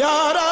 yaa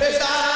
ndeysaan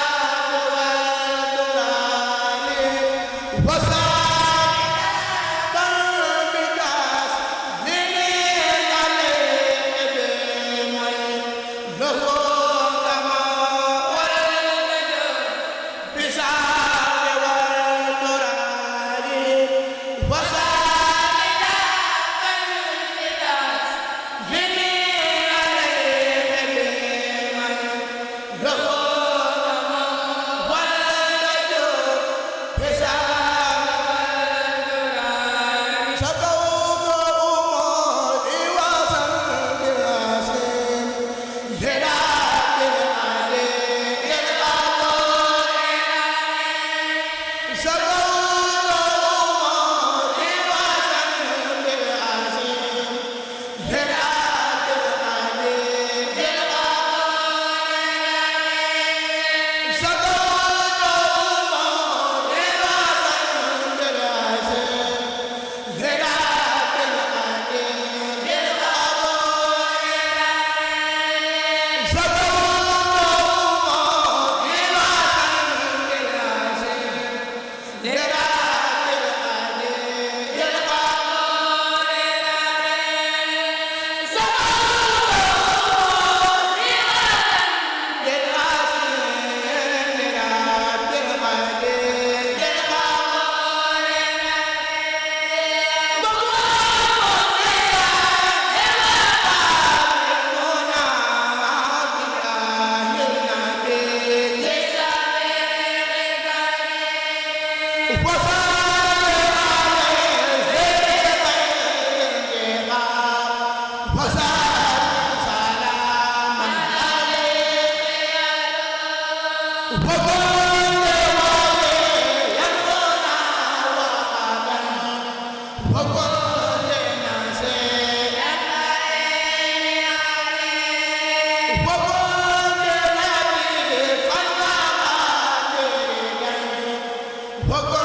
Akbar